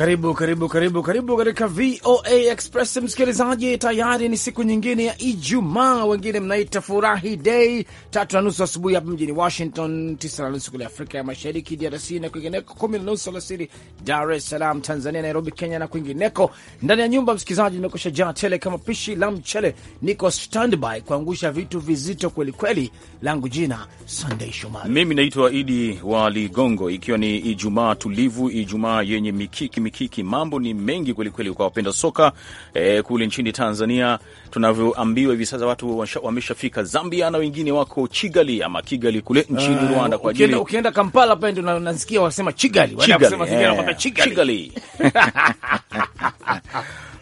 Karibu, karibu, karibu, karibu katika VOA Express msikilizaji, tayari ni siku nyingine ya Ijumaa, wengine mnaita furahi dei, tatu na nusu asubuhi hapa mjini Washington, tisa na nusu kule Afrika ya Mashariki, DRC na kwingineko, kumi na nusu alasiri Dar es Salaam, Tanzania, Nairobi, Kenya na kwingineko. Ndani ya nyumba msikilizaji, nimekusha jaa tele kama pishi la mchele, niko standby kuangusha vitu vizito kwelikweli. Langu jina Sunday Shomari, mimi naitwa Idi wa Ligongo, ikiwa ni Ijumaa tulivu, Ijumaa yenye mikiki mikiki, mambo ni mengi kwelikweli kwa wapenda soka e, kule nchini Tanzania tunavyoambiwa hivi sasa watu wameshafika Zambia na wengine wako Chigali ama Kigali kule nchini uh, Rwanda kwa ajili ukienda, ukienda Kampala pale ndio unasikia wasema Chigali, wanasema yeah, Chigali, Chigali.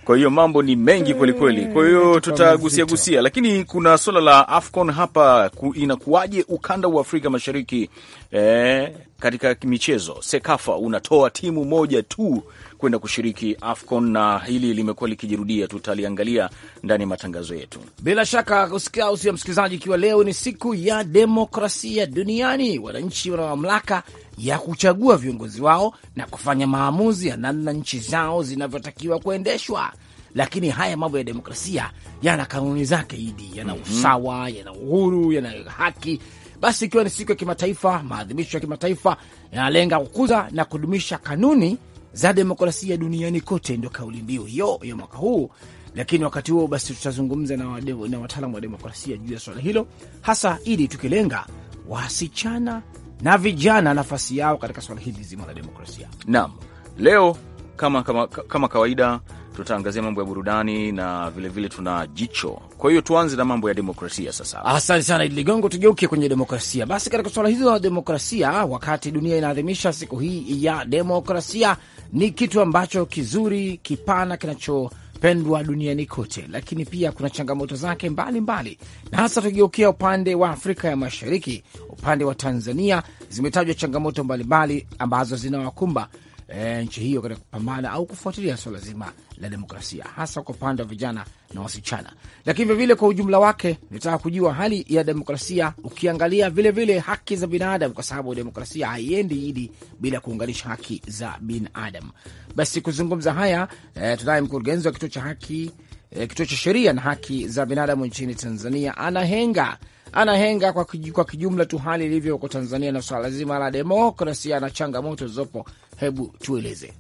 Kwa hiyo mambo ni mengi kwelikweli, kwa hiyo eh, tutagusia gusia, lakini kuna swala la AFCON hapa ku, inakuwaje ukanda wa Afrika Mashariki eh, katika michezo Sekafa unatoa timu moja tu kwenda kushiriki AFCON na hili limekuwa likijirudia, tutaliangalia ndani ya matangazo yetu bila shaka. Kusikia ya msikilizaji, ikiwa leo ni siku ya demokrasia duniani, wananchi wana mamlaka ya kuchagua viongozi wao na kufanya maamuzi ya namna nchi zao zinavyotakiwa kuendeshwa. Lakini haya mambo ya demokrasia yana kanuni zake, Idi, yana mhm. usawa, yana uhuru, yana haki basi ikiwa ni siku ya kimataifa, maadhimisho ya kimataifa yanalenga kukuza na kudumisha kanuni za demokrasia duniani kote, ndio kauli mbiu hiyo ya mwaka huu. Lakini wakati huo basi, tutazungumza na, na wataalamu wa demokrasia juu ya swala hilo hasa, ili tukilenga wasichana na vijana, nafasi yao katika swala hili zima la demokrasia. Naam, leo kama, kama, kama kawaida tutaangazia mambo ya burudani na vilevile tuna jicho. Kwa hiyo tuanze na mambo ya demokrasia sasa. Asante sana Idi Ligongo, tugeuke kwenye demokrasia basi. Katika suala hilo la demokrasia, wakati dunia inaadhimisha siku hii ya demokrasia, ni kitu ambacho kizuri, kipana, kinachopendwa duniani kote, lakini pia kuna changamoto zake mbalimbali mbali. Na hasa tukigeukia upande wa Afrika ya Mashariki, upande wa Tanzania, zimetajwa changamoto mbalimbali mbali ambazo zinawakumba e, nchi hiyo katika kupambana au kufuatilia swala zima la demokrasia, hasa kwa upande wa vijana na wasichana. Lakini vilevile kwa ujumla wake, nitaka kujua hali ya demokrasia ukiangalia vilevile vile haki za binadamu, kwa sababu demokrasia haiendi idi bila kuunganisha haki za binadamu. Basi kuzungumza haya e, tunaye mkurugenzi wa kituo cha haki e, kituo cha sheria na haki za binadamu nchini Tanzania, Anahenga anahenga kwa kijumla tu hali ilivyo huko Tanzania na swala zima la demokrasia na changamoto zilizopo hebu tueleze.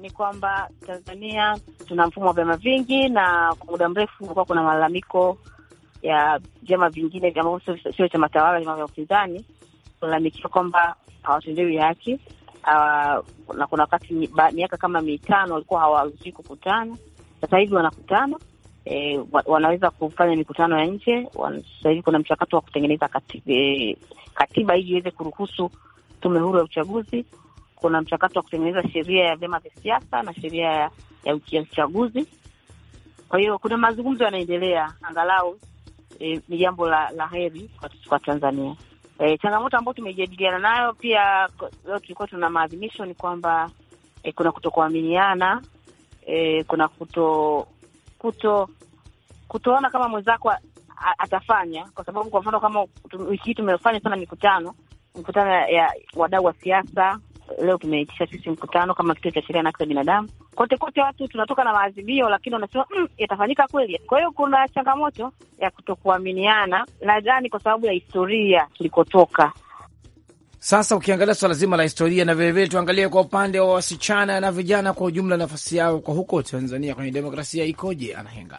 Ni kwamba Tanzania tuna mfumo wa vyama vingi, na kwa muda mrefu kumekuwa kuna malalamiko ya vyama vingine ambavyo sio chama tawala, vyama vya upinzani kulalamikiwa kwamba hawatendewi haki uh, na kuna wakati miaka kama mitano walikuwa hawaruhusiwi kukutana. Sasa hivi wanakutana e, wanaweza kufanya mikutano ya nje. Sasa hivi kuna mchakato wa kutengeneza katiba, e, eh, katiba ili iweze kuruhusu tume huru ya uchaguzi kuna mchakato wa kutengeneza sheria ya vyama vya siasa na sheria ya, ya uchaguzi. Kwa hiyo kuna mazungumzo yanaendelea, angalau e, ni jambo la, la heri kwa, kwa Tanzania. E, changamoto ambayo tumejadiliana nayo pia leo tulikuwa tuna maadhimisho ni kwamba e, kuna kutokuaminiana e, kuna kuto kuto kutoona kama mwenzako atafanya, kwa sababu kwa mfano kama wiki hii tumefanya sana mikutano mikutano ya wadau wa siasa leo tumeitisha sisi mkutano kama kituo cha sheria na haki za binadamu kote kote, watu tunatoka na maadhibio, lakini wanasema mm, yatafanyika kweli. Kwa hiyo kuna changamoto ya kutokuaminiana, nadhani kwa sababu ya historia tulikotoka. Sasa ukiangalia swala zima la historia na vilevile tuangalie kwa upande wa wasichana na vijana kwa ujumla, nafasi yao kwa huko Tanzania kwenye demokrasia ikoje? Anahenga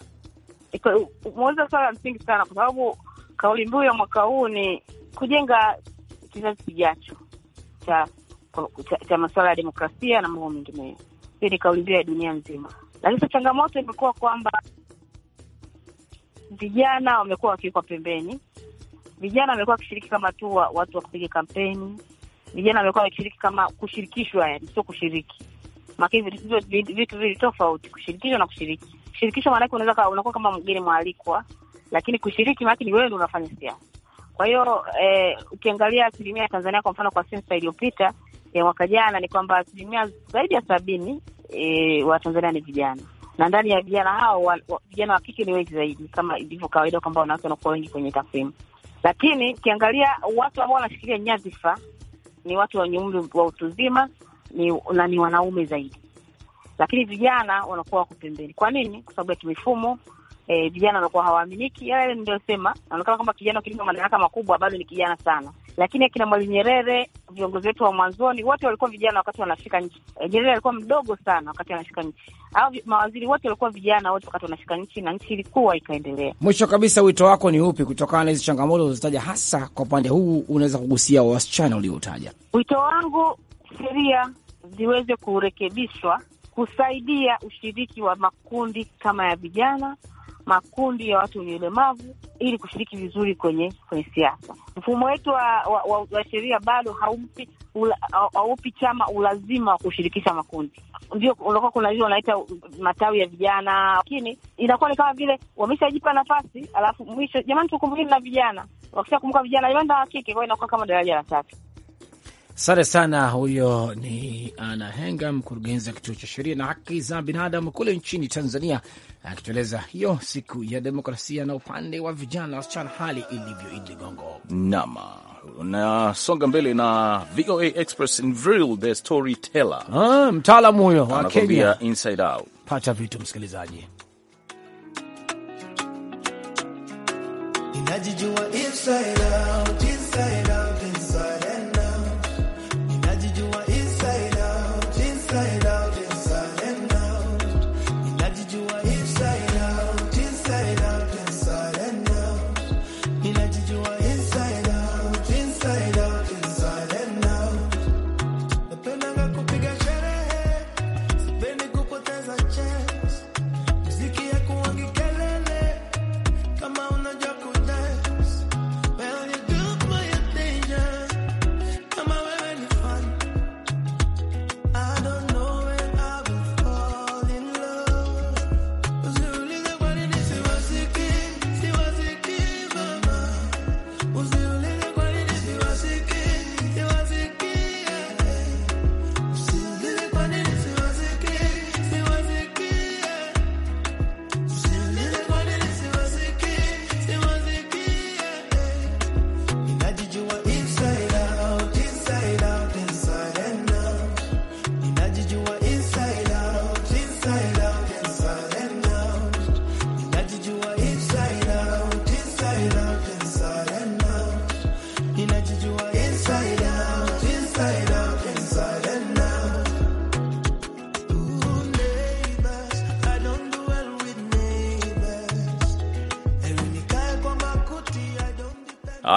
umeuliza swala la msingi sana, kwa sababu kauli mbiu ya mwaka huu ni kujenga kizazi kijacho cha cha, masuala ya demokrasia na mambo mengineyo. Hiyo ni kauli mbiu ya dunia nzima, lakini sasa changamoto imekuwa kwamba vijana wamekuwa wakiwekwa pembeni. Vijana wamekuwa wakishiriki kama tu watu wa kupiga kampeni. Vijana wamekuwa wakishiriki kama kushirikishwa, yani sio kushiriki, maana hivyo vitu vili tofauti, kushirikishwa na kushiriki. Kushirikishwa maanake yake unaweza unakuwa kama mgeni mwalikwa, lakini kushiriki maanake ni wewe ndio unafanya siasa. Kwa hiyo eh, ukiangalia asilimia ya Tanzania kwa mfano kwa sensa iliyopita ya mwaka jana ni kwamba asilimia zaidi ya sabini e, wa Tanzania ni vijana na ndani ya vijana hao vijana wa kike ni wengi zaidi, kama ilivyo kawaida kwamba wanawake wanakuwa wengi kwenye takwimu. Lakini ukiangalia watu ambao wanashikilia nyadhifa ni watu wenye umri wa utu uzima ni, na ni wanaume zaidi, lakini vijana wanakuwa wako pembeni. Kwa nini? Kwa sababu ya kimifumo. E, vijana wanakuwa hawaaminiki, yale yaani niliyosema. Naonekana kwamba kijana ukilipa madaraka makubwa bado ni kijana sana lakini akina Mwalimu Nyerere, viongozi wetu wa mwanzoni, wote walikuwa vijana wakati wanashika nchi. E, Nyerere alikuwa mdogo sana wakati anashika nchi, au mawaziri wote walikuwa vijana wote wakati wanashika nchi, na nchi ilikuwa ikaendelea. Mwisho kabisa, wito wako ni upi kutokana na hizi changamoto ulizozitaja, hasa kwa upande huu unaweza kugusia wasichana uliotaja? Wito wangu sheria ziweze kurekebishwa kusaidia ushiriki wa makundi kama ya vijana makundi ya watu wenye ulemavu ili kushiriki vizuri kwenye kwenye siasa. Mfumo wetu wa, wa, wa, wa sheria bado haumpi haupi chama ulazima wa kushirikisha makundi. Ndio unakuwa kuna hizo wanaita matawi ya vijana, lakini inakuwa ni kama vile wameshajipa nafasi, alafu mwisho, jamani, tukumbukeni na vijana. Wakishakumbuka vijana, jamani, na wakike kwao, inakuwa kama daraja la tatu. Asante sana. Huyo ni Ana Henga, mkurugenzi wa kituo cha sheria na haki za binadamu kule nchini Tanzania, akitueleza hiyo siku ya demokrasia na upande wa vijana wasichana, hali ilivyo. iligongo nama nasonga mbele na VOA Express Nvril the Storyteller, ah, mtaalamu huyo wa Kenya, Inside Out. Pata vitu msikilizaji, ninajijua inside out, inside out.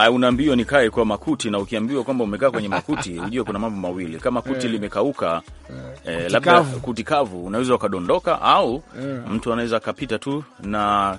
Eh, unaambiwa nikae kwa makuti, na ukiambiwa kwamba umekaa kwenye makuti ujue kuna mambo mawili, kama kuti eh. limekauka eh, eh labda kavu unaweza ukadondoka au mtu anaweza akapita tu na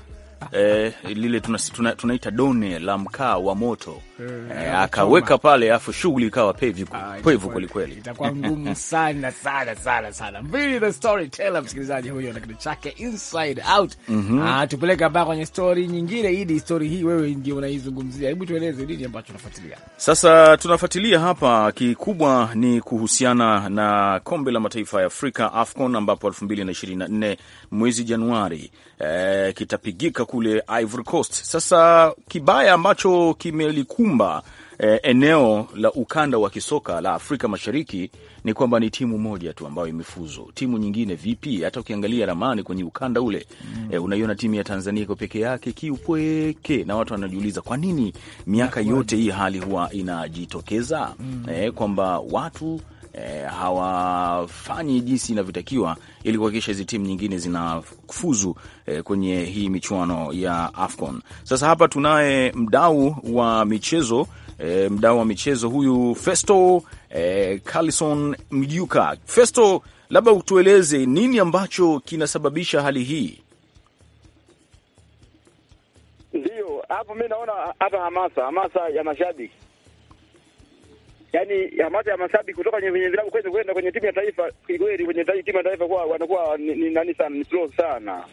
eh, lile tunaita tuna, tuna done la mkaa wa moto mm, eh, eh akaweka pale, afu shughuli ikawa pevu ah, kwelikweli, itakuwa ngumu sana sana sana sana. Mbili the storyteller, msikilizaji huyo na kitu chake inside out mm -hmm. Ah, tupeleke ambayo kwenye stori nyingine. Idi, stori hii wewe ndio unaizungumzia, hebu tueleze nini ambacho tunafuatilia sasa? Tunafuatilia hapa, kikubwa ni kuhusiana na kombe la mataifa ya Afrika AFCON, ambapo 2024 mwezi Januari eh, kitapigika kule Ivory Coast. Sasa kibaya ambacho kimelikumba eh, eneo la ukanda wa kisoka la Afrika Mashariki ni kwamba ni timu moja tu ambayo imefuzu. Timu nyingine vipi? Hata ukiangalia ramani kwenye ukanda ule mm. eh, unaiona timu ya Tanzania iko peke yake kiupweke, na watu wanajiuliza kwa nini miaka yote hii hali huwa inajitokeza mm. eh, kwamba watu e, hawafanyi jinsi inavyotakiwa ili kuhakikisha hizi timu nyingine zinafuzu e, kwenye hii michuano ya AFCON. Sasa hapa tunaye mdau wa michezo e, mdau wa michezo huyu Festo e, Carlson Mjuka. Festo, labda utueleze nini ambacho kinasababisha hali hii? Ndio hapo mi naona hata hamasa hamasa ya mashabiki yani hamasa ya masabi kutoka kwenye vilabu kwetu kwenda kwenye kwenye timu ya taifa, kweli kwenye timu ya taifa kwa wanakuwa ni, ni nani sana, ni slow sana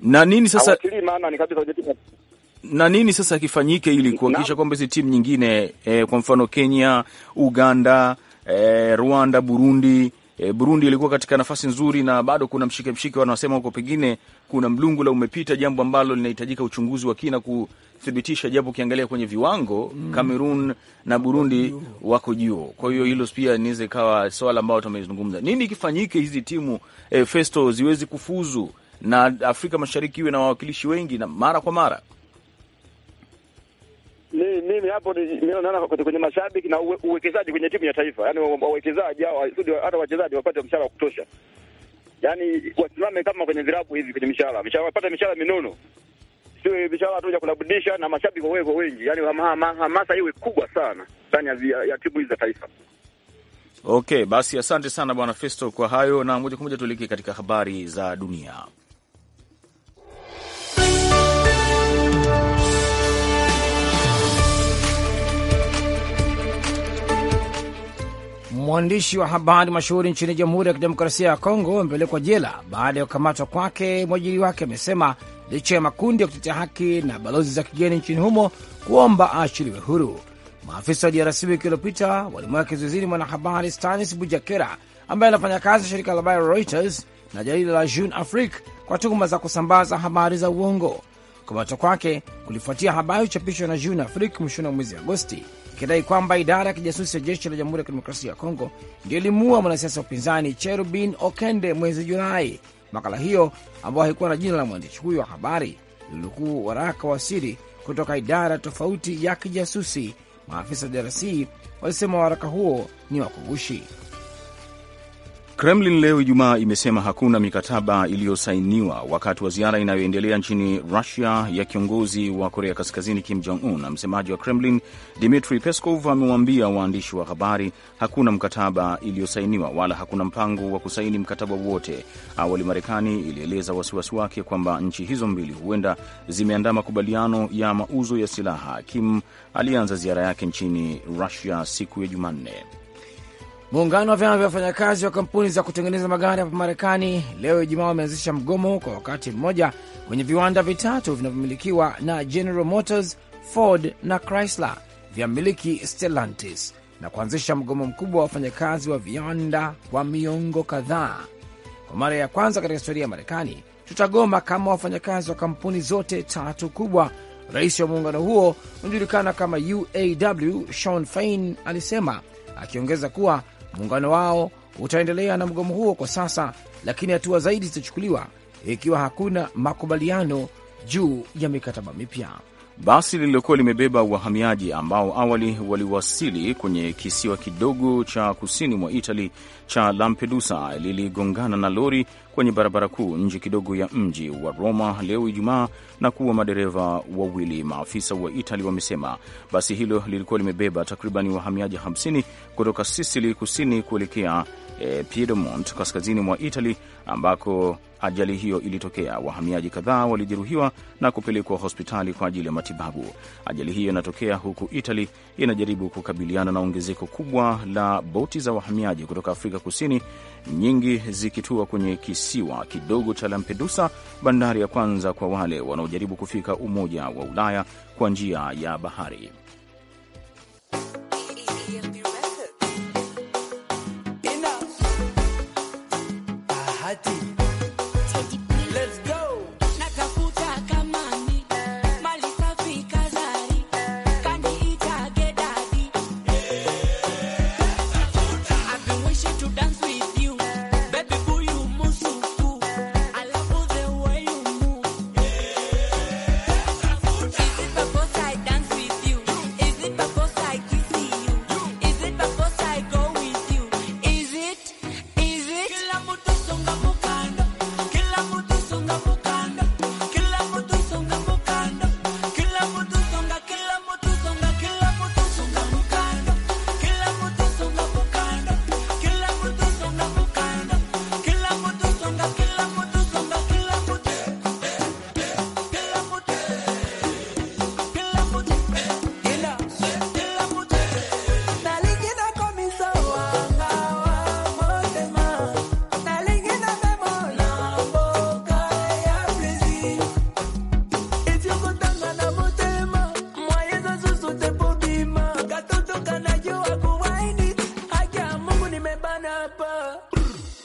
na nini sasa, maana ni kabisa kwenye timu na nini sasa kifanyike ili kuhakikisha kwamba hizi timu nyingine eh, kwa mfano Kenya, Uganda, eh, Rwanda, Burundi eh, Burundi ilikuwa katika nafasi nzuri na bado kuna mshike mshike, wanasema huko pengine kuna mlungu la umepita, jambo ambalo linahitajika uchunguzi wa kina ku kuthibitisha, japo ukiangalia kwenye viwango Cameroon mm. na Burundi wako juu. Kwa hiyo hilo pia niweza ikawa swala ambayo tumezungumza, nini kifanyike hizi timu eh, Festo ziwezi kufuzu na Afrika Mashariki iwe na wawakilishi wengi na mara kwa mara ni mimi hapo naona kwenye mashabiki na uwekezaji kwenye timu ya taifa, yaani wawekezaji hao hata wachezaji wapate mshahara wa kutosha, yaani wasimame kama kwenye virabu hivi kwenye mishahara mishahara, wapate mishahara minono Eh, vishawa watu kulabudisha na mashabiki wao wengi, yani hamasa iwe kubwa sana ndani ya timu hizi za taifa. Okay, basi asante sana Bwana Festo kwa hayo, na moja kwa moja tuelekee katika habari za dunia. Mwandishi wa habari mashuhuri nchini Jamhuri ya Kidemokrasia ya Kongo amepelekwa jela baada ya kukamatwa kwake. Mwajiri wake amesema licha ya makundi ya kutetea haki na balozi za kigeni nchini humo kuomba aachiliwe huru. Maafisa wa DRC wiki iliyopita walimweka kizuizini mwanahabari Stanis Bujakera ambaye anafanya kazi shirika la habari Reuters na jarida la Jeune Afrique kwa tuhuma za kusambaza habari za uongo. Kukamatwa kwake kulifuatia habari uchapishwa na Jeune Afrique mwishoni mwa mwezi Agosti ikidai kwamba idara ya kijasusi ya jeshi la Jamhuri ya Kidemokrasia ya Kongo ndiyo ilimuua mwanasiasa wa upinzani Cherubin Okende mwezi Julai Makala hiyo ambayo haikuwa na jina la mwandishi huyo wa habari ilinukuu waraka wa siri kutoka idara tofauti ya kijasusi. Maafisa wa DRC walisema waraka huo ni wakugushi. Kremlin leo Ijumaa imesema hakuna mikataba iliyosainiwa wakati wa ziara inayoendelea nchini Rusia ya kiongozi wa Korea Kaskazini Kim Jong Un. Msemaji wa Kremlin Dmitri Peskov amewaambia waandishi wa habari hakuna mkataba iliyosainiwa wala hakuna mpango wa kusaini mkataba wowote. Awali Marekani ilieleza wasiwasi wake kwamba nchi hizo mbili huenda zimeandaa makubaliano ya mauzo ya silaha. Kim alianza ziara yake nchini Rusia siku ya Jumanne. Muungano wa vyama vya wafanyakazi wa kampuni za kutengeneza magari hapa Marekani leo Ijumaa wameanzisha mgomo kwa wakati mmoja kwenye viwanda vitatu vinavyomilikiwa na General Motors, Ford na Chrysler vya mmiliki Stellantis na kuanzisha mgomo mkubwa wa wafanyakazi wa viwanda kwa miongo kadhaa. Kwa mara ya kwanza katika historia ya Marekani, tutagoma kama wafanyakazi wa kampuni zote tatu kubwa, rais wa muungano huo unajulikana kama UAW Sean Fain alisema, akiongeza kuwa Muungano wao utaendelea na mgomo huo kwa sasa, lakini hatua zaidi zitachukuliwa ikiwa hakuna makubaliano juu ya mikataba mipya. Basi lililokuwa limebeba wahamiaji ambao awali waliwasili kwenye kisiwa kidogo cha kusini mwa Itali cha Lampedusa liligongana na lori kwenye barabara kuu nje kidogo ya mji wa Roma leo Ijumaa na kuwa madereva wawili, maafisa wa Itali wamesema. Basi hilo lilikuwa limebeba takriban wahamiaji 50 kutoka Sisili kusini kuelekea e, Piedmont kaskazini mwa Itali ambako ajali hiyo ilitokea. Wahamiaji kadhaa walijeruhiwa na kupelekwa hospitali kwa ajili ya matibabu. Ajali hiyo inatokea huku Itali inajaribu kukabiliana na ongezeko kubwa la boti za wahamiaji kutoka Afrika Afrika Kusini, nyingi zikitua kwenye kisiwa kidogo cha Lampedusa, bandari ya kwanza kwa wale wanaojaribu kufika Umoja wa Ulaya kwa njia ya bahari.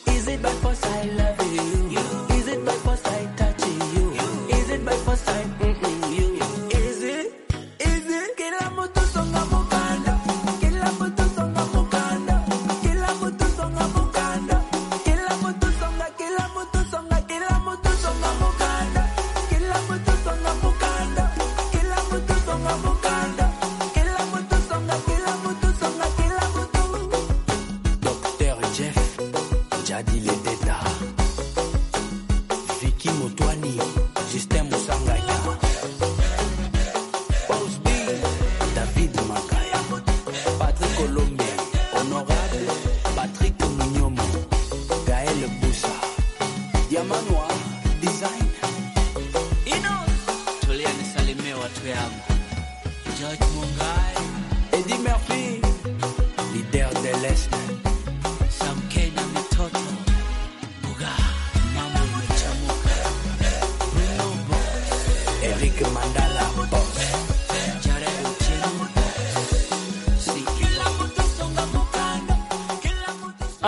Is it because I love you.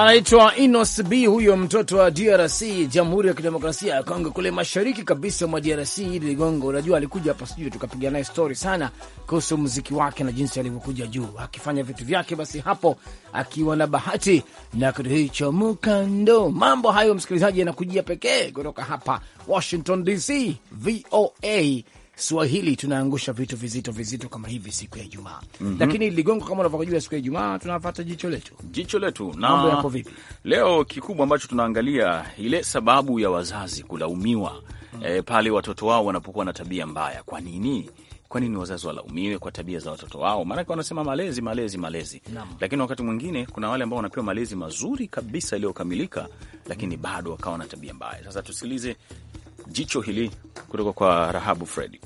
anaitwa Inos B, huyo mtoto wa DRC, Jamhuri ya Kidemokrasia ya Kongo, kule mashariki kabisa mwa DRC. Idi Ligongo, unajua alikuja hapa studio tukapiga naye stori sana kuhusu muziki wake na jinsi alivyokuja juu akifanya vitu vyake, basi hapo akiwa na bahati na kitu hicho mkando Mambo hayo msikilizaji, yanakujia pekee kutoka hapa Washington DC, VOA Swahili tunaangusha vitu vizito vizito kama hivi siku ya Ijumaa. mm -hmm. Lakini ligongo, kama unavyojua, siku ya Ijumaa tunafata jicho letu, jicho letu na mambo vipi leo. Kikubwa ambacho tunaangalia ile sababu ya wazazi kulaumiwa mm -hmm. e, pale watoto wao wanapokuwa na tabia mbaya. Kwa nini? Kwa nini wazazi walaumiwe kwa tabia za watoto wao? Maanake wanasema malezi, malezi, malezi, lakini wakati mwingine kuna wale ambao wanapewa malezi mazuri kabisa yaliyokamilika, lakini bado wakawa na tabia mbaya. Sasa tusikilize jicho hili kutoka kwa Rahabu Fredi.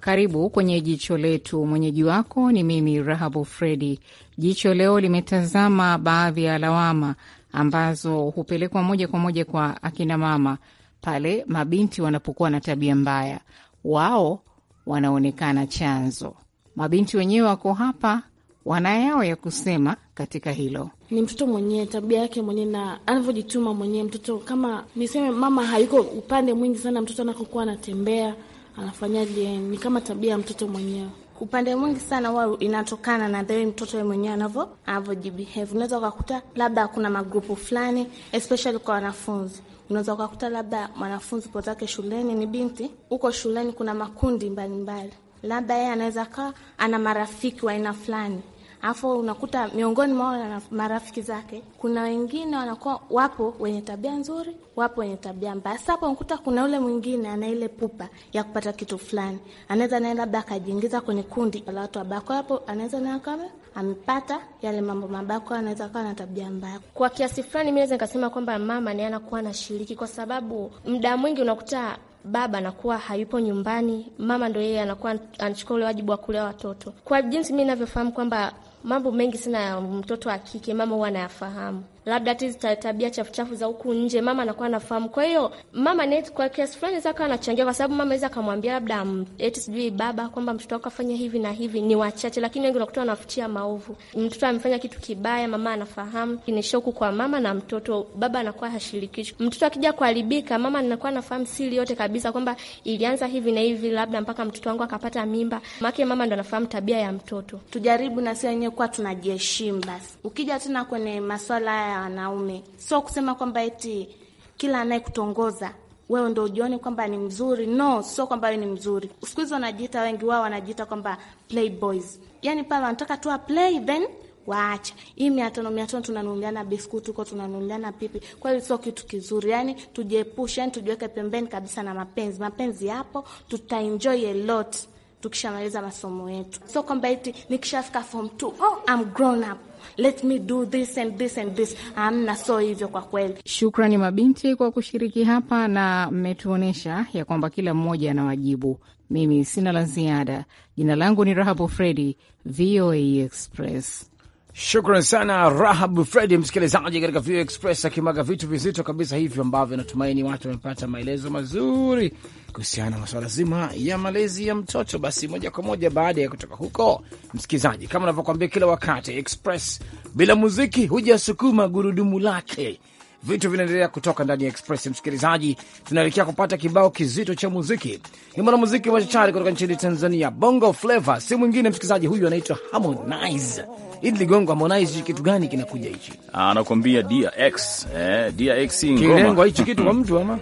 Karibu kwenye jicho letu. Mwenyeji wako ni mimi Rahabu Fredi. Jicho leo limetazama baadhi ya lawama ambazo hupelekwa moja kwa moja kwa akina mama pale mabinti wanapokuwa na tabia mbaya, wao wanaonekana chanzo. Mabinti wenyewe wako hapa, wana yao ya kusema katika hilo. Ni mtoto mwenyewe, tabia yake mwenyewe na anavyojituma mwenyewe. Mtoto kama niseme, mama hayuko upande mwingi sana, mtoto anakokuwa anatembea anafanyaje, ni kama tabia ya mtoto mwenyewe upande mwingi sana huwa inatokana na the way mtoto yeye mwenyewe anavyo anavyojibehave. Unaweza ukakuta labda kuna magrupu fulani, especially kwa wanafunzi. Unaweza ukakuta labda mwanafunzi potake shuleni ni binti, huko shuleni kuna makundi mbalimbali, labda yeye anaweza kaa ana marafiki wa aina fulani afu unakuta miongoni mwao na marafiki zake kuna wengine wanakuwa wapo wenye tabia nzuri, wapo wenye tabia mbaya. Sasa hapo unakuta kuna yule mwingine ana ile pupa ya kupata kitu fulani, anaweza naye labda akajiingiza kwenye kundi la watu wabaya, kwa hapo anaweza naye kama amepata yale mambo mabaya, kwa anaweza kawa na tabia mbaya. Kwa kiasi fulani, mi naweza nikasema kwamba mama naye anakuwa anashiriki, kwa sababu muda mwingi unakuta baba anakuwa hayupo nyumbani, mama ndo yeye anakuwa anachukua ule wajibu wa kulea watoto. Kwa jinsi mi navyofahamu kwamba mambo mengi sana ya mtoto wa kike mama huwa anayafahamu labda hizi tabia chafu chafu za huku nje, mama anakuwa anafahamu. Kwa hiyo mama net kwa kiasi fulani naweza kawa anachangia, kwa sababu mama aweza akamwambia labda eti sijui baba kwamba mtoto wako afanya hivi na hivi. Ni wachache, lakini wengi unakuta wanafutia maovu. Mtoto amefanya kitu kibaya, mama anafahamu, ni shoku kwa mama na mtoto, baba anakuwa hashirikishwi. Mtoto akija kuharibika, mama anakuwa anafahamu siri yote kabisa, kwamba ilianza hivi na hivi, labda mpaka mtoto wangu akapata mimba. Make mama ndo anafahamu tabia ya mtoto. Tujaribu na sisi wenyewe kuwa tunajiheshimu basi. Ukija tena kwenye maswala ya wanaume. Sio kusema kwamba eti kila anayekutongoza wewe ndo ujione kwamba ni mzuri. No, sio kwamba wewe ni mzuri. Siku hizi wanajiita, wengi wao wanajiita kwamba playboys, yani pale wanataka tu play then waacha hii mia tano mia tano tunanunuliana biskuti huko, tunanunuliana pipi. Kwa hiyo sio kitu kizuri, yani tujiepushe, yani tujiweke pembeni kabisa na mapenzi. Mapenzi yapo, tutaenjoy a lot tukishamaliza masomo yetu, sio kwamba eti nikishafika form two, oh, I'm grown up let me do this and this and this. Amna, so hivyo kwa kweli. Shukrani mabinti kwa kushiriki hapa, na mmetuonyesha ya kwamba kila mmoja ana wajibu. Mimi sina la ziada. Jina langu ni Rahabu Fredi, VOA Express. Shukran sana Rahab Fredi, msikilizaji katika Vio Express akimwaga vitu vizito kabisa hivyo ambavyo natumaini watu wamepata maelezo mazuri kuhusiana na masuala zima ya malezi ya mtoto. Basi moja kwa moja baada ya kutoka huko, msikilizaji, kama unavyokwambia kila wakati, Express bila muziki hujasukuma gurudumu lake vitu vinaendelea kutoka ndani ya Express. Msikilizaji, tunaelekea kupata kibao kizito cha muziki. Ni mwanamuziki machachari kutoka nchini Tanzania, Bongo Flava, si mwingine msikilizaji, huyu anaitwa Harmonize. Idi Ligongo, Harmonize, kitu gani kinakuja hichi? Anakuambia DX, eh, DX x ngoma kilengwa hichi kitu kwa mtu ama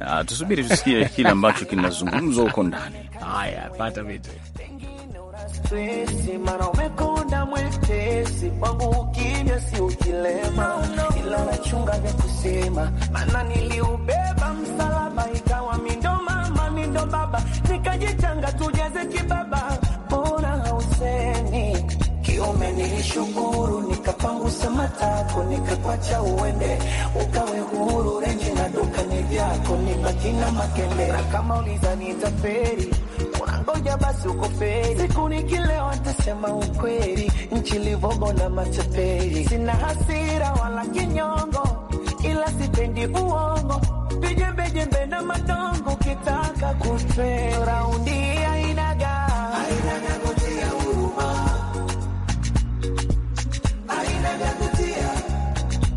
ah, tusubiri tusikie kile ambacho kinazungumzwa huko ndani. Haya, pata vitu stresi, mara umekonda mwepesi, kwangu ukimya si ukilema, ila nachunga vya kusema, maana niliubeba msalaba, ikawa mindo mama mindo baba, nikajitanga tujaze kibaba, bora hausemi kiume. Nilishukuru nikapangusa matako, nikakwacha uende, ukawe huru, renji na duka ni vyako, nibaki na makende, na kama ulizani taperi hoja basi ukopeni, siku nikilewa nitasema ukweli, nchi livogo na matapeli. Sina hasira wala kinyongo, ila sipendi uongo, vijembejembe na madongo. Ukitaka kutwe raundi ainaga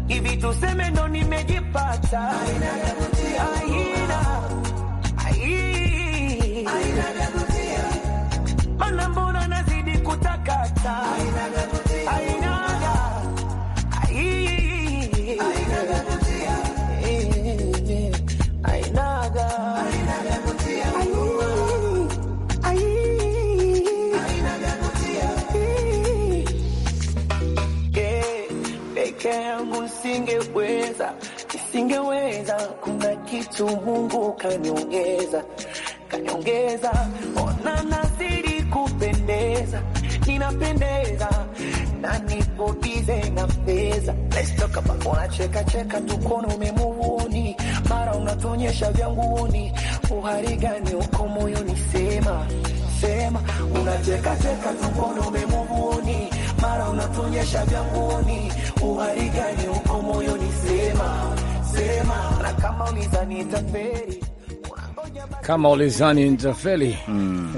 hivi tuseme ndo nimejipata mbona mbona nazidi kutakata yangu singeweza, singeweza. Kuna kitu Mungu kaniongeza, kaniongeza, onana inapendeza na nipo bize na pesa, Let's talk about unacheka cheka tukono umemuoni, mara unatonyesha vya nguoni, uhari gani uko moyoni? Sema sema, unacheka cheka tukono umemuoni, mara unatonyesha vya nguoni, uhari gani uko moyoni? Sema sema, na kama unizani tafeli kama ulizani ntafeli mm.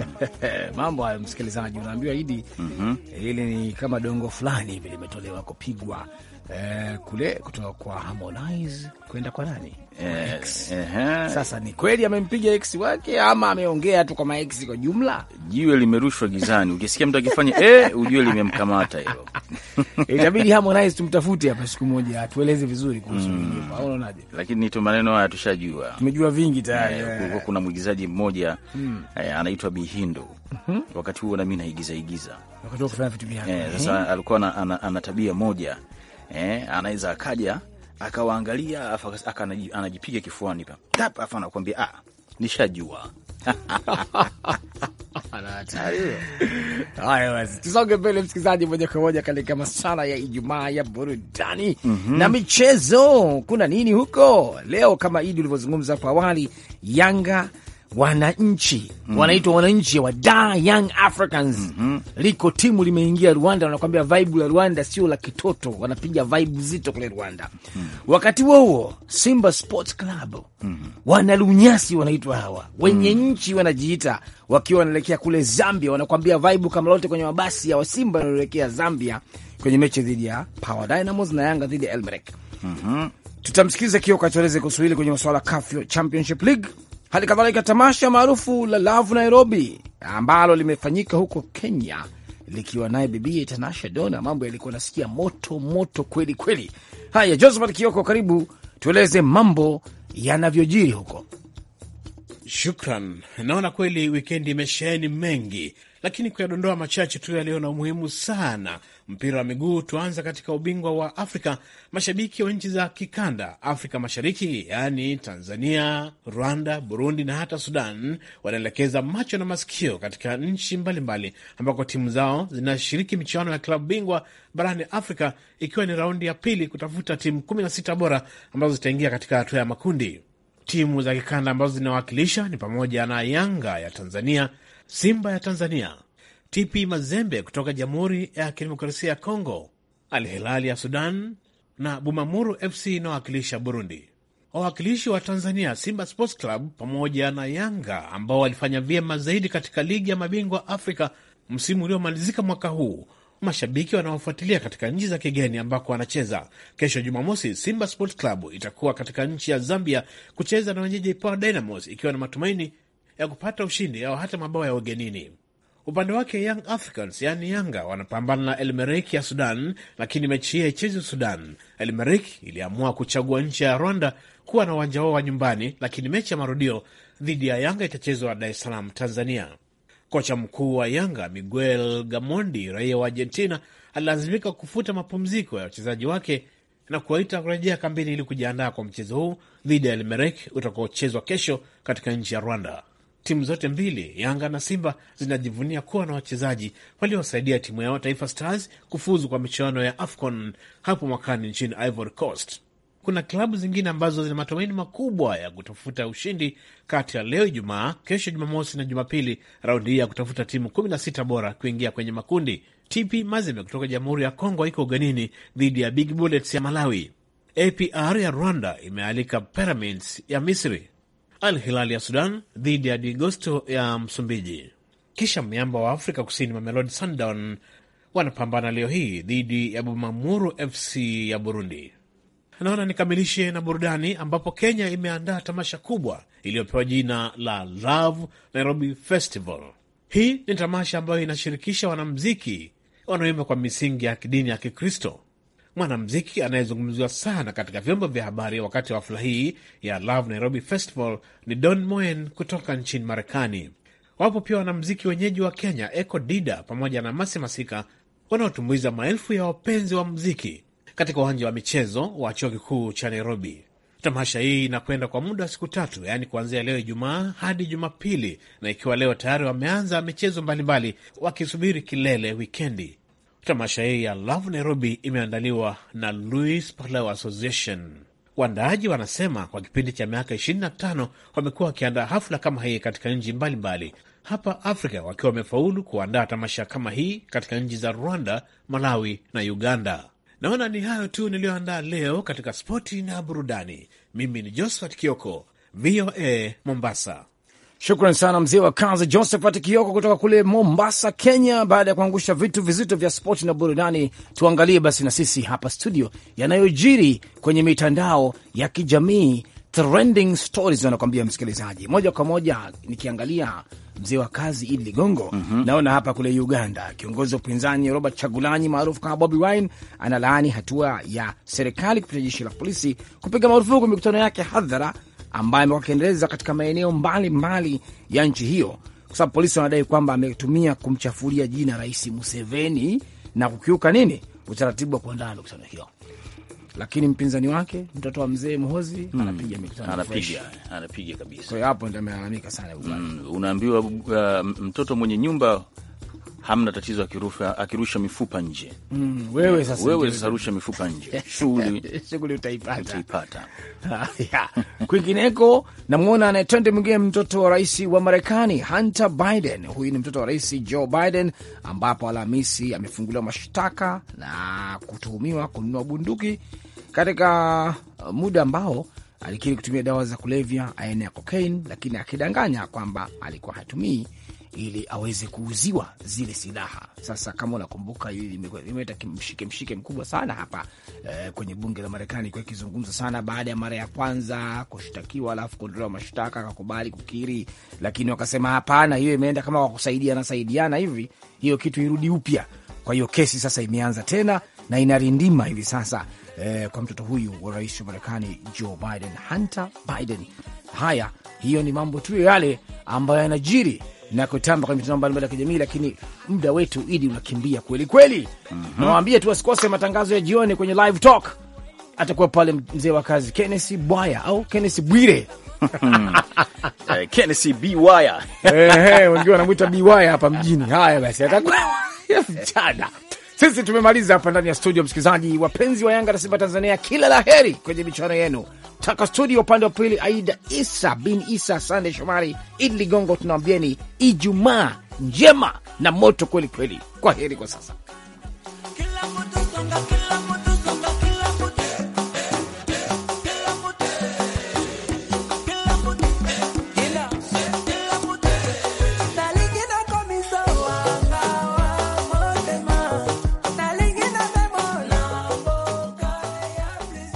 mambo hayo msikilizaji, unaambiwa idi mm -hmm. Hili ni kama dongo fulani hivi limetolewa kupigwa eh, kule kutoka kwa Harmonize kwenda kwa nani? Eh, Eh, sasa ni kweli amempiga X wake ama ameongea tu kwa max kwa jumla? Jiwe limerushwa gizani, ukisikia mtu akifanya eh, ujue limemkamata hilo. Itabidi Harmonize tumtafute hapa siku moja atueleze vizuri kuhusu mm. Au unaonaje? Lakini tu maneno haya tushajua, tumejua vingi eh, tayari eh, kuna mwigizaji mmoja mm. eh, anaitwa Bihindo mm -hmm. Wakati huo na mimi naigiza igiza, wakati huo kufanya vitu vyake eh, sasa eh. alikuwa ana, ana, ana tabia moja eh, anaweza akaja akawaangalia anajipiga kifuani tap, anakuambia ah, nishajua. Haya basi, tusonge mbele msikilizaji, moja kwa moja katika masala ya Ijumaa ya burudani mm -hmm. na michezo. Kuna nini huko leo? Kama Idi ulivyozungumza hapo awali, Yanga wananchi mm wanaitwa wananchi wa Da Young Africans mm -hmm. liko timu limeingia Rwanda, wanakwambia vibe la Rwanda sio la kitoto, wanapiga vibe zito kule Rwanda mm -hmm. wakati huo huo Simba Sports Club mm -hmm. wanalunyasi wanaitwa hawa wenye mm -hmm. nchi wanajiita, wakiwa wanaelekea kule Zambia, wanakwambia vibe kama lote kwenye mabasi ya Wasimba wanaelekea Zambia kwenye mechi dhidi ya Power Dynamos na Yanga dhidi ya Elmerek mm -hmm. tutamsikiliza Kioka atueleze kuhusu hili kwenye masuala ya CAF Championship League hali kadhalika tamasha maarufu la Love Nairobi ambalo limefanyika huko Kenya likiwa naye bibia Tanasha Dona. Mambo yalikuwa nasikia moto moto kweli kweli. Haya, Josephat Kioko, karibu tueleze mambo yanavyojiri huko. Shukran, naona kweli wikendi imesheheni mengi lakini kuyadondoa machache tu yaliyo na umuhimu sana. Mpira wa miguu, tuanza katika ubingwa wa Afrika. Mashabiki wa nchi za kikanda Afrika Mashariki, yaani Tanzania, Rwanda, Burundi na hata Sudan, wanaelekeza macho na masikio katika nchi mbalimbali ambako timu zao zinashiriki michuano ya klabu bingwa barani Afrika, ikiwa ni raundi ya pili kutafuta timu 16 bora ambazo zitaingia katika hatua ya makundi. Timu za kikanda ambazo zinawakilisha ni pamoja na Yanga ya Tanzania, Simba ya Tanzania, TP Mazembe kutoka Jamhuri ya Kidemokrasia ya Kongo, Al Hilali ya Sudan na Bumamuru FC inayowakilisha Burundi. Wawakilishi wa Tanzania Simba Sports Club pamoja na Yanga ambao walifanya vyema zaidi katika ligi ya mabingwa Afrika msimu uliomalizika mwaka huu. Mashabiki wanaofuatilia katika nchi za kigeni ambako wanacheza. Kesho Jumamosi, Simba Sports Club itakuwa katika nchi ya Zambia kucheza na wenyeji Power Dynamos ikiwa na matumaini ya kupata ushindi au hata mabao ya ugenini. Upande wake Young Africans yaani Yanga wanapambana na Elmerik ya Sudan, lakini mechi hii haichezi Sudan. Elmerik iliamua kuchagua nchi ya Rwanda kuwa na uwanja wao wa nyumbani, lakini mechi ya marudio dhidi ya Yanga itachezwa Dar es Salaam, Tanzania. Kocha mkuu wa Yanga Miguel Gamondi, raia wa Argentina, alilazimika kufuta mapumziko ya wachezaji wake na kuwaita kurejea kambini ili kujiandaa kwa mchezo huu dhidi ya Elmerek utakaochezwa kesho katika nchi ya Rwanda. Timu zote mbili Yanga na Simba zinajivunia kuwa na wachezaji waliosaidia timu yao Taifa Stars kufuzu kwa michuano ya AFCON hapo mwakani nchini Ivory Coast. Kuna klabu zingine ambazo zina matumaini makubwa ya kutafuta ushindi kati ya leo Ijumaa, kesho Jumamosi na Jumapili, raundi hii ya kutafuta timu 16 bora kuingia kwenye makundi. TP Mazembe kutoka Jamhuri ya Kongo iko ugenini dhidi ya Big Bullets ya Malawi. APR ya Rwanda imealika Pyramids ya Misri. Al Hilal ya Sudan dhidi ya Digosto ya Msumbiji. Kisha miamba wa Afrika Kusini Mamelodi Sundown wanapambana leo hii dhidi ya Bumamuru FC ya Burundi. Naona nikamilishe na burudani, ambapo Kenya imeandaa tamasha kubwa iliyopewa jina la Love Nairobi Festival. Hii ni tamasha ambayo inashirikisha wanamziki wanaoimba kwa misingi ya kidini ya Kikristo mwanamziki anayezungumziwa sana katika vyombo vya habari wakati wa hafula hii ya Love Nairobi Festival ni Don Moen kutoka nchini Marekani. Wapo pia wanamziki wenyeji wa Kenya, Eko Dida pamoja na Masi Masika, wanaotumbuiza maelfu ya wapenzi wa mziki katika uwanja wa michezo wa chuo kikuu cha Nairobi. Tamasha hii inakwenda kwa muda wa siku tatu, yaani kuanzia leo Ijumaa hadi Jumapili, na ikiwa leo tayari wameanza michezo mbalimbali, wakisubiri kilele wikendi tamasha hii ya Love Nairobi imeandaliwa na Louis Palau Association. Waandaaji wanasema kwa kipindi cha miaka 25 wamekuwa wakiandaa hafla kama hii katika nchi mbalimbali hapa Afrika, wakiwa wamefaulu kuandaa tamasha kama hii katika nchi za Rwanda, Malawi na Uganda. Naona ni hayo tu niliyoandaa leo katika spoti na burudani. Mimi ni Josephat Kioko, VOA Mombasa. Shukran sana mzee wa kazi Josephat Kioko kutoka kule Mombasa, Kenya. Baada ya kuangusha vitu vizito vya spoti na burudani, tuangalie basi na sisi hapa studio yanayojiri kwenye mitandao ya kijamii. Trending stories msikilizaji, moja kwa moja. Nikiangalia mzee wa kazi Idi Ligongo, mm -hmm. naona hapa kule Uganda kiongozi wa upinzani Robert Chagulanyi maarufu kama Bobi Wine analaani hatua ya serikali kupitia jeshi la polisi kupiga marufuku mikutano yake hadhara ambaye amekuwa akiendeleza katika maeneo mbalimbali ya nchi hiyo, kwa sababu polisi wanadai kwamba ametumia kumchafulia jina Rais Museveni na kukiuka nini utaratibu wa kuandaa mikutano hiyo. Lakini mpinzani wake mtoto wa mzee Mhozi mm, anapiga mikutano, anapiga anapiga kabisa. Kwa hiyo hapo ndio amelalamika sana. Mm, unaambiwa uh, mtoto mwenye nyumba hamna tatizo akirusha, akirusha mifupa nje mm, wewe sasa, wewe sasa rusha mifupa nje, shughuli shughuli utaipata, utaipata. Kwingineko namwona anayetende mwingine mtoto wa rais wa Marekani Hunter Biden. Huyu ni mtoto wa rais Joe Biden, ambapo Alhamisi amefunguliwa mashtaka na kutuhumiwa kununua bunduki katika uh, muda ambao alikiri kutumia dawa za kulevya aina ya kokaini, lakini akidanganya kwamba alikuwa hatumii ili aweze kuuziwa zile silaha. Sasa kama unakumbuka, hili limeleta mshike mshike mkubwa sana hapa e, kwenye bunge la Marekani, kwa kizungumza sana baada ya mara ya kwanza kushtakiwa, alafu kuondolewa mashtaka, akakubali kukiri, lakini wakasema hapana, hiyo imeenda kama wakusaidiana saidiana hivi, hiyo kitu irudi upya. Kwa hiyo kesi sasa imeanza tena na inarindima hivi sasa eh, kwa mtoto huyu wa rais wa Marekani Joe Biden, Hunter Biden. Haya, hiyo ni mambo tu yale ambayo yanajiri na kutamba kwenye mitandao mbalimbali ya kijamii, lakini muda wetu Idi unakimbia kweli kweli. mm -hmm. Nawaambia tu wasikose matangazo ya jioni kwenye live talk, atakuwa pale mzee wa kazi Kenneth Bwaya au Kenneth Bwire eh, Kenneth Bwaya, wengine wanamwita Bwaya hapa mjini. Haya basi, atakuwa mchana sisi tumemaliza hapa ndani ya studio. Msikilizaji wapenzi wa Yanga na Simba Tanzania, kila laheri kwenye michuano yenu taka studio upande wa pili Aida Isa bin Isa, Sande Shomari, Idi Ligongo, tunawambieni Ijumaa njema na moto kweli kweli. Kwa heri kwa sasa.